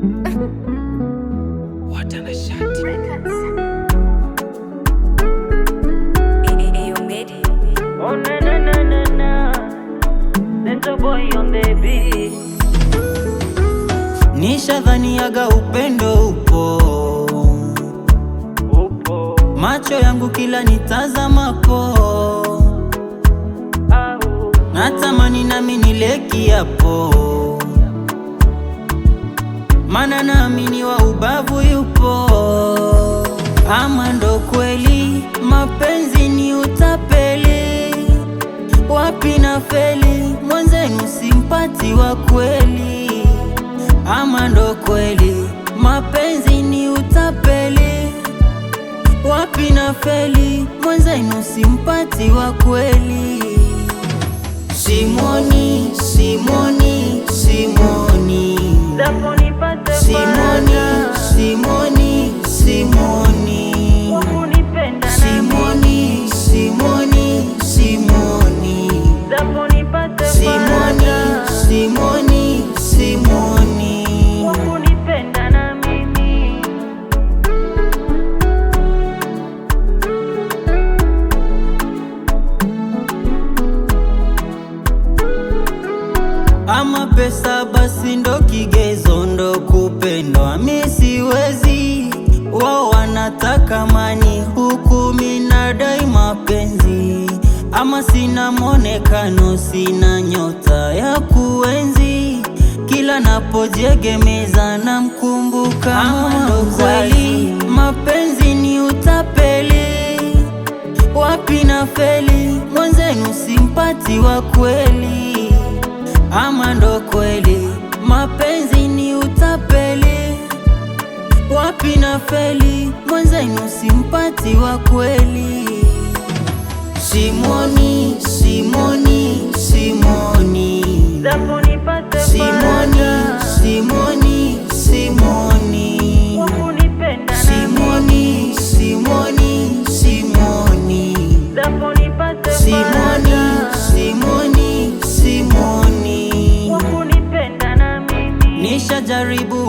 Oh, Nishadhaniaga upendo upo, upo macho yangu kila nitazamapo, natamani nami nile kiapo Mana naamini wa ubavu yupo, ama ndo kweli mapenzi ni utapeli. Wapi na feli mwenzenu, simpati wa kweli, ama ndo kweli mapenzi ni utapeli. Wapi na feli mwenzenu, simpati wa kweli Yeah. pesa basi ndo kigezo, ndo kupendwa. Mi siwezi, wao wanataka mani, huku mina dai mapenzi. Ama sina mwonekano, sina nyota ya kuenzi, kila napojiegemeza na mkumbuka. kweli mapenzi ni utapeli, wapi na feli, mwenzenu simpati wa kweli ama ndo kweli mapenzi ni utapeli? Wapi na feli, mwenzenu simpati wa kweli. Simoni, Simoni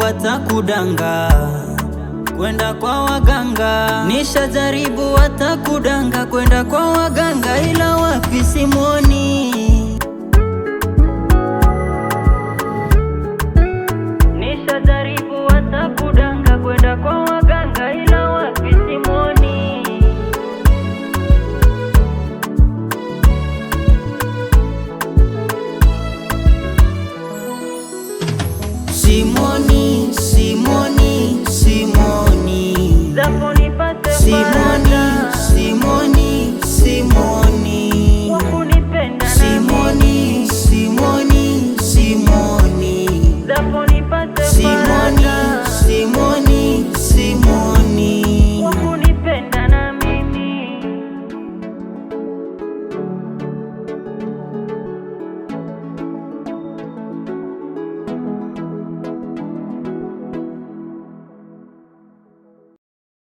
watakudanga, kwenda kwa waganga. Nishajaribu watakudanga, kwenda kwa waganga, ila wapi kwenda kwa waganga, ila wapi simoni. Simoni.